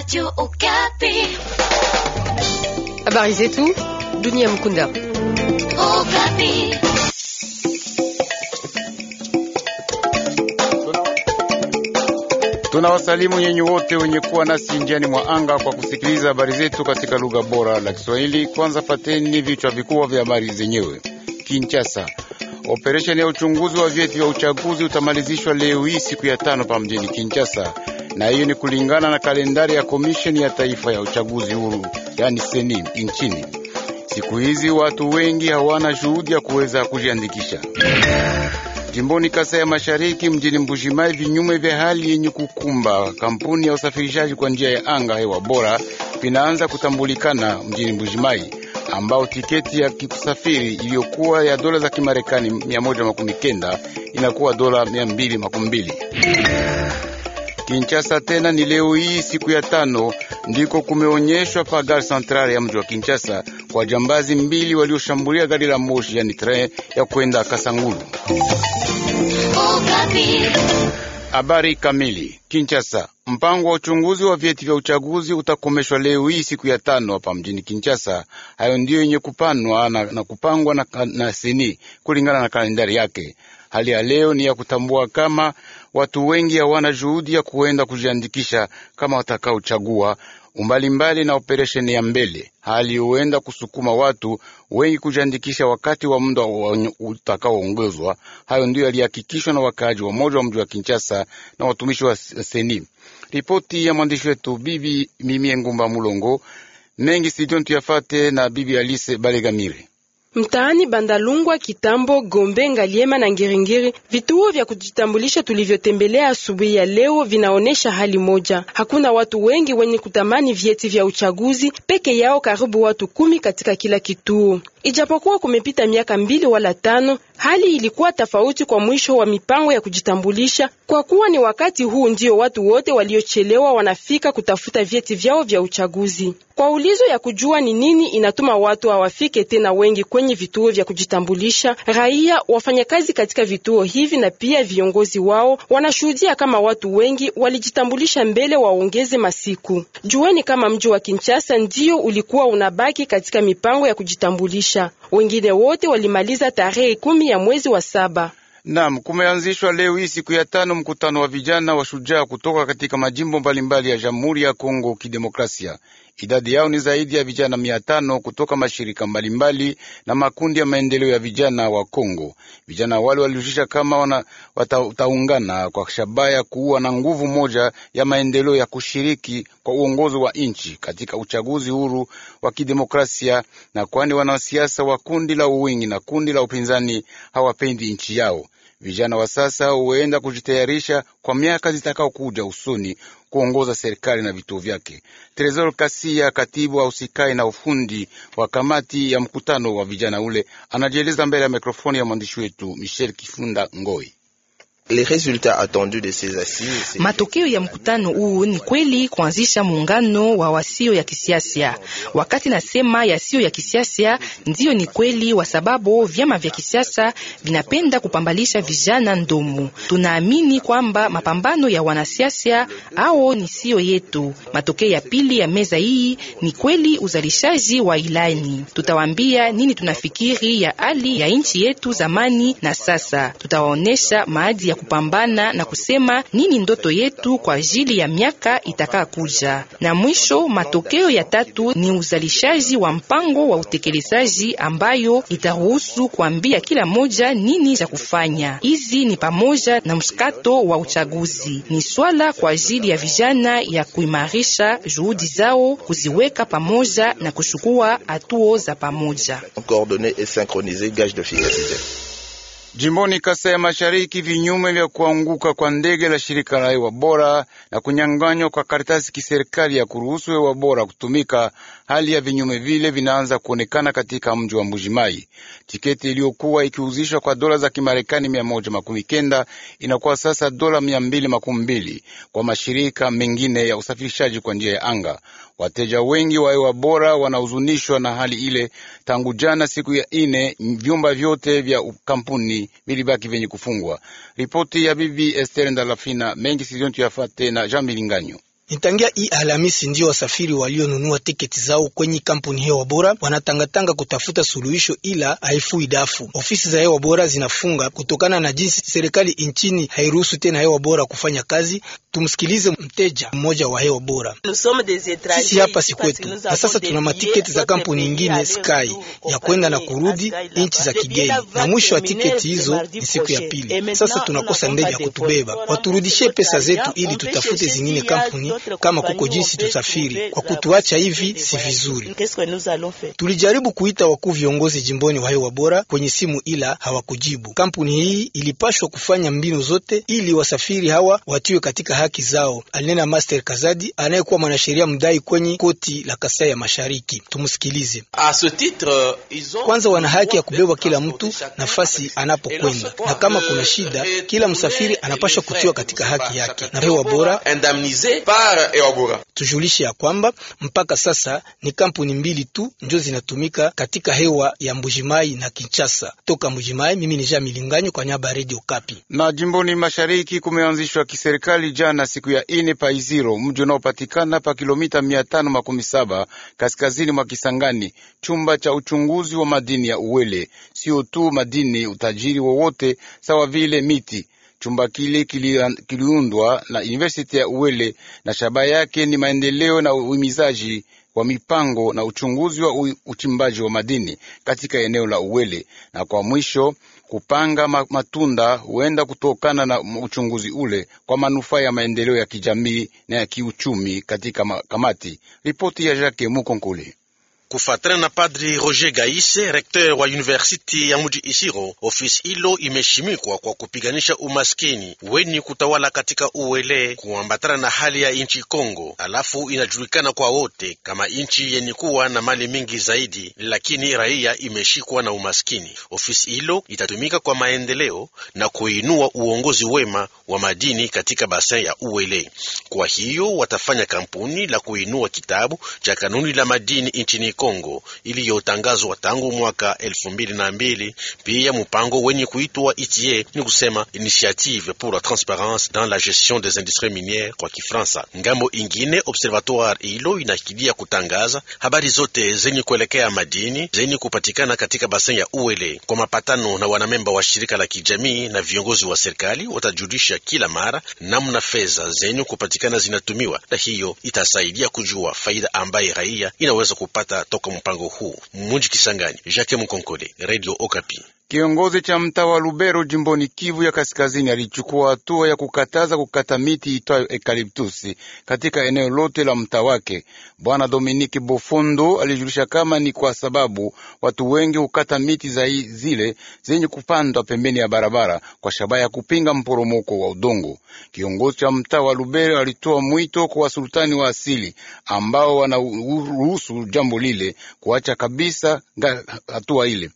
Radio Okapi. Habari zetu dunia mkunda. Okapi. Tunawasalimu nyinyi wote wenye kuwa nasi njiani mwa anga kwa kusikiliza habari zetu katika lugha bora la Kiswahili. Kwanza pateni vichwa vikubwa vya habari zenyewe. Kinshasa. Operesheni ya uchunguzi wa vyeti vya uchaguzi utamalizishwa leo hii siku ya tano pa mjini Kinshasa na hiyo ni kulingana na kalendari ya komisheni ya taifa ya uchaguzi huru, yani seni nchini. Siku hizi watu wengi hawana juhudi ya kuweza kujiandikisha. Jimboni kasa ya Mashariki, mjini Mbujimayi, vinyume vya hali yenye kukumba kampuni ya usafirishaji kwa njia ya anga hewa bora vinaanza kutambulikana mjini mbujimai ambao tiketi ya kusafiri iliyokuwa ya dola za Kimarekani 119 inakuwa dola 220. Kinshasa tena ni leo hii siku ya tano ndiko kumeonyeshwa pa gari centrale ya mji wa Kinshasa kwa jambazi mbili walioshambulia gari la moshi yani train ya kwenda Kasangulu. Habari kamili. Kinshasa, mpango wa uchunguzi wa vyeti vya uchaguzi utakomeshwa leo hii siku ya tano hapa mjini Kinshasa. Hayo ndiyo yenye kupanwa na, na kupangwa na, na seni kulingana na kalendari yake. Hali ya leo ni ya kutambua kama watu wengi hawana juhudi ya kuenda kujiandikisha kama watakaochagua umbalimbali na operesheni ya mbele. Hali huenda kusukuma watu wengi kujiandikisha wakati wa muda utakaoongezwa. Hayo ndiyo yalihakikishwa na wakaaji wa moja wa mji wa Kinshasa na watumishi wa seni. Ripoti ya mwandishi wetu Bibi Mimie Ngumba Mulongo mengi sijontu yafate na Bibi Alise Balegamire. Mtaani Bandalungwa, Kitambo, Gombe, Ngaliema na Ngiringiri, vituo vya kujitambulisha tulivyotembelea asubuhi ya leo vinaonesha hali moja. Hakuna watu wengi wenye kutamani vyeti vya uchaguzi peke yao, karibu watu kumi katika kila kituo. Ijapokuwa kumepita miaka mbili wala tano Hali ilikuwa tofauti kwa mwisho wa mipango ya kujitambulisha, kwa kuwa ni wakati huu ndio watu wote waliochelewa wanafika kutafuta vyeti vyao vya uchaguzi. Kwa ulizo ya kujua ni nini inatuma watu hawafike tena wengi kwenye vituo vya kujitambulisha, raia, wafanyakazi katika vituo hivi na pia viongozi wao wanashuhudia kama watu wengi walijitambulisha mbele waongeze masiku. Jueni kama mji wa Kinshasa ndio ulikuwa unabaki katika mipango ya kujitambulisha wengine wote walimaliza tarehe kumi ya mwezi wa saba. Nam, kumeanzishwa leo hii siku ya tano mkutano wa vijana wa shujaa kutoka katika majimbo mbalimbali mbali ya Jamhuri ya Kongo Kidemokrasia. Idadi yao ni zaidi ya vijana mia tano kutoka mashirika mbalimbali na makundi ya maendeleo ya vijana wa Kongo. Vijana wale walihusisha kama wana, wataungana kwa shabaha ya kuwa na nguvu moja ya maendeleo ya kushiriki kwa uongozi wa nchi katika uchaguzi huru wa kidemokrasia, na kwani wanasiasa wa kundi la uwingi na kundi la upinzani hawapendi nchi yao. Vijana wa sasa huenda kujitayarisha kwa miaka zitakaokuja usoni kuongoza serikali na vituo vyake. Tresor Kasia, katibu wa usikai na ufundi wa kamati ya mkutano wa vijana ule, anajieleza mbele ya mikrofoni ya mwandishi wetu Michel Kifunda Ngoi. Matokeo ya mkutano huu ni kweli kuanzisha muungano wa wasio ya kisiasa. Wakati nasema yasio ya kisiasa, ndiyo ni kweli, kwa sababu vyama vya kisiasa vinapenda kupambalisha vijana ndomo. Tunaamini kwamba mapambano ya wanasiasa ao ni sio yetu. Matokeo ya pili ya meza hii ni kweli uzalishaji wa ilani. Tutawaambia nini tunafikiri ya hali ya nchi yetu zamani na sasa, tutawaonesha maadi ya kupambana na kusema nini ndoto yetu kwa ajili ya miaka itakaa kuja. Na mwisho, matokeo ya tatu ni uzalishaji wa mpango wa utekelezaji ambayo itaruhusu kuambia kila moja nini cha kufanya. Hizi ni pamoja na mshikato wa uchaguzi, ni swala kwa ajili ya vijana ya kuimarisha juhudi zao, kuziweka pamoja na kushukua hatua za pamoja. Jimboni Kasai ya Mashariki, vinyume vya kuanguka kwa ndege la shirika la hewa bora na kunyang'anywa kwa karatasi kiserikali ya kuruhusu hewa bora kutumika, hali ya vinyume vile vinaanza kuonekana katika mji wa Mbujimai. Tiketi iliyokuwa ikiuzishwa kwa dola za Kimarekani mia moja makumi kenda inakuwa sasa dola mia mbili makumi mbili kwa mashirika mengine ya usafirishaji kwa njia ya anga. Wateja wengi wa hewa bora wanahuzunishwa na hali ile. Tangu jana siku ya ine, vyumba vyote vya kampuni vingi vilibaki vyenye kufungwa. Ripoti ya bibi Ester Ndalafina mengi sizontu yafate na Jean Milinganyo. Ni tangia hii Alhamisi ndio wasafiri walionunua tiketi zao kwenye kampuni hewa bora wanatangatanga kutafuta suluhisho, ila haifui dafu. Ofisi za hewa bora zinafunga kutokana na jinsi serikali nchini hairuhusu tena hewa bora kufanya kazi. Tumsikilize mteja mmoja wa hewa bora. Sisi hapa si kwetu, na sasa tuna matiketi za kampuni nyingine Sky ya kwenda na kurudi nchi za kigeni, na mwisho wa tiketi hizo ni siku ya pili. Sasa tunakosa ndege ya kutubeba, waturudishie pesa zetu ili tutafute zingine kampuni kama kuko jinsi tusafiri, kwa kutuacha hivi si vizuri. Tulijaribu kuita wakuu viongozi jimboni wa hewa bora kwenye simu, ila hawakujibu. Kampuni hii ilipashwa kufanya mbinu zote ili wasafiri hawa watiwe katika haki zao, alinena Master Kazadi anayekuwa mwanasheria mdai kwenye koti la Kasai ya Mashariki. Tumsikilize. Kwanza, wana haki ya kubebwa kila mtu nafasi anapokwenda, na kama kuna shida, kila msafiri anapashwa kutiwa katika haki yake na hewa bora mishahara ya wabora. Tujulishe ya kwamba mpaka sasa ni kampuni mbili tu ndio zinatumika katika hewa ya Mbujimai na Kinshasa. Toka Mbujimai, mimi ni Jean Milinganyo kwa niaba ya Radio Kapi. Na jimboni mashariki kumeanzishwa kiserikali jana siku ya ine Paiziro, mji unaopatikana pa kilomita mia tano makumi saba kaskazini mwa Kisangani, chumba cha uchunguzi wa madini ya Uwele. Sio tu madini, utajiri wowote sawa vile miti Chumba kile kiliundwa na University ya Uwele na shabaha yake ni maendeleo na uhimizaji wa mipango na uchunguzi wa uchimbaji wa madini katika eneo la Uwele, na kwa mwisho kupanga matunda huenda kutokana na uchunguzi ule kwa manufaa ya maendeleo ya kijamii na ya kiuchumi katika kamati. Ripoti ya Jacques Mukonkole. Kufatana na Padri Roger Gaise, rekteur wa universiti ya mji Isiro, ofisi hilo imeshimikwa kwa kupiganisha umaskini weni kutawala katika uwele kuambatana na hali ya nchi Kongo, alafu inajulikana kwa wote kama nchi yenye kuwa na mali mingi zaidi, lakini raia imeshikwa na umaskini. Ofisi hilo itatumika kwa maendeleo na kuinua uongozi wema wa madini katika basin ya uwele. Kwa hiyo watafanya kampuni la kuinua kitabu cha kanuni la madini nchini Kongo iliyotangazwa tangu mwaka elfu mbili na mbili. Pia mpango wenye kuitwa ITIE ni kusema Initiative pour la Transparence dans la Gestion des Industries Minières kwa Kifransa. Ngambo ingine, observatoire ilo inakidia kutangaza habari zote zenye kuelekea madini zenye kupatikana katika basen ya Uele. Kwa mapatano na wanamemba wa shirika la kijamii na viongozi wa serikali, watajulisha kila mara namna fedha zenye kupatikana zinatumiwa, na hiyo itasaidia kujua faida ambaye raia inaweza kupata toka mpango huu. Muji Kisangani, Jacques Mkonkole, Radio Okapi. Kiongozi cha mtaa wa Lubero jimboni Kivu ya Kaskazini alichukua hatua ya kukataza kukata miti itwayo ekaliptusi katika eneo lote la mtaa wake. Bwana Dominiki Bofondo alijulisha kama ni kwa sababu watu wengi hukata miti za zile zenye kupandwa pembeni ya barabara kwa shabaha ya kupinga mporomoko wa udongo. Kiongozi cha mtaa wa Lubero alitoa mwito kwa wasultani wa asili ambao wanaruhusu jambo lile kuacha kabisa hatua ile.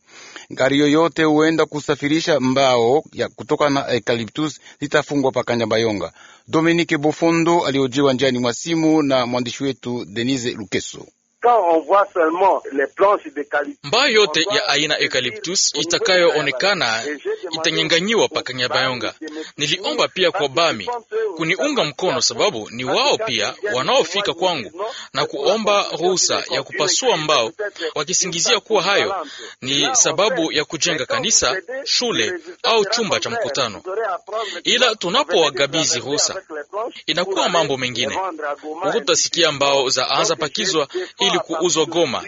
Gari yoyote huenda kusafirisha mbao ya kutoka na eucalyptus litafungwa pa Kanyabayonga. Dominique Bofondo aliojiwa njiani mwa simu na mwandishi wetu Denise Lukeso. Mbao yote ya aina eucalyptus itakayoonekana itanyang'anyiwa paka Nyabayonga. Niliomba pia kwa Bami kuniunga mkono, sababu ni wao pia wanaofika kwangu na kuomba ruhusa ya kupasua mbao, wakisingizia kuwa hayo ni sababu ya kujenga kanisa, shule au chumba cha mkutano. Ila tunapowagabizi ruhusa, inakuwa mambo mengine. Hutasikia mbao za anza pakizwa ili ili kuuzwa Goma,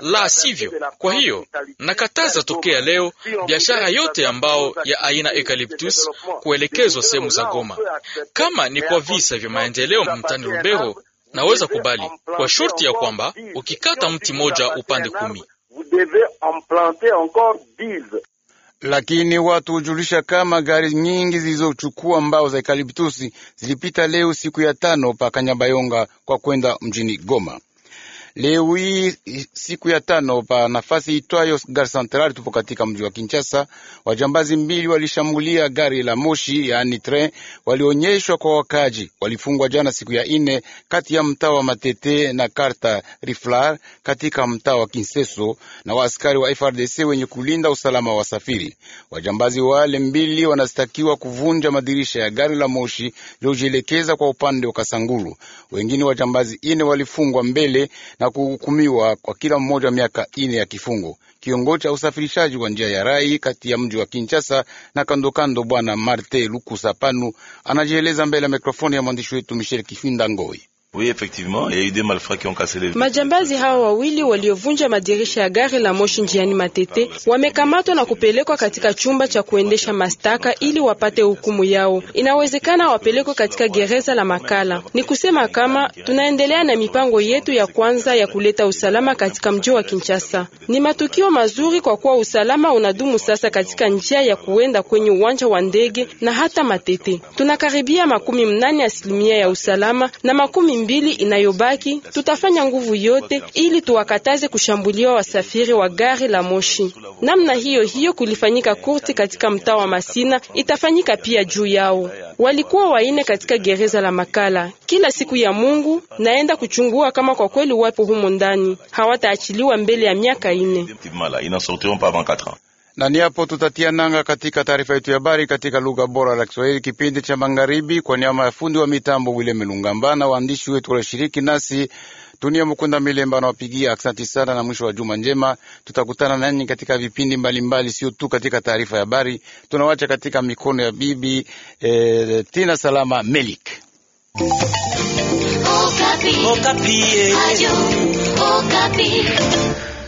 la sivyo. Kwa hiyo nakataza tokea leo biashara yote ambao ya aina eucalyptus kuelekezwa sehemu za Goma. Kama ni kwa visa vya maendeleo mtani Rubero, naweza kubali kwa shurti ya kwamba ukikata mti moja upande kumi. Lakini watu hujulisha kama gari nyingi zilizochukua mbao za eukaliptusi zilipita leo siku ya tano pa Kanyabayonga kwa kwenda mjini Goma. Leo hii siku ya tano pa nafasi itwayo gari central, tupo katika mji wa Kinshasa. Wajambazi mbili walishambulia gari la moshi yaani tren, walionyeshwa kwa wakaji. Walifungwa jana siku ya ine kati ya mtaa wa Matete na Karta Riflar katika mtaa wa Kinseso na waaskari wa FRDC wenye kulinda usalama wa wasafiri. Wajambazi wale mbili wanastakiwa kuvunja madirisha ya gari la moshi liojielekeza kwa upande wa Kasanguru. Wengine wajambazi ine walifungwa mbele na kuhukumiwa kwa kila mmoja wa miaka ine ya kifungo. Kiongozi cha usafirishaji wa njia ya rai kati ya mji wa Kinshasa na kandokando, bwana Marte Lukusapanu anajieleza mbele ya mikrofoni ya mwandishi wetu Michel Kifinda Ngoi. Majambazi hao wawili waliovunja madirisha ya gari la moshi njiani Matete wamekamatwa na kupelekwa katika chumba cha kuendesha mashtaka ili wapate hukumu yao. Inawezekana wapelekwe katika gereza la Makala. Ni kusema kama tunaendelea na mipango yetu ya kwanza ya kuleta usalama katika mji wa Kinshasa. Ni matukio mazuri kwa kuwa usalama unadumu sasa katika njia ya kuenda kwenye uwanja wa ndege na hata Matete. Tunakaribia makumi mnane asilimia ya usalama na makumi mbili inayobaki, tutafanya nguvu yote ili tuwakataze kushambuliwa wasafiri wa gari la moshi. Namna hiyo hiyo kulifanyika kurti katika mtaa wa Masina, itafanyika pia juu yao. Walikuwa waine katika gereza la Makala. Kila siku ya Mungu naenda kuchungua kama kwa kweli wapo humo ndani, hawataachiliwa mbele ya miaka ine na ni hapo tutatia nanga katika taarifa yetu ya habari katika lugha bora la Kiswahili, kipindi cha magharibi. Kwa niaba ya fundi wa mitambo Wileme Lungamba na waandishi wetu walioshiriki nasi, Dunia mkunda Milemba anawapigia asanti sana, na mwisho wa juma njema. Tutakutana nanyi katika vipindi mbalimbali, sio tu katika taarifa ya habari. Tunawacha katika mikono ya bibi eh, Tina Salama Melik Okapi. Oh, Okapi. Oh, eh. Okapi.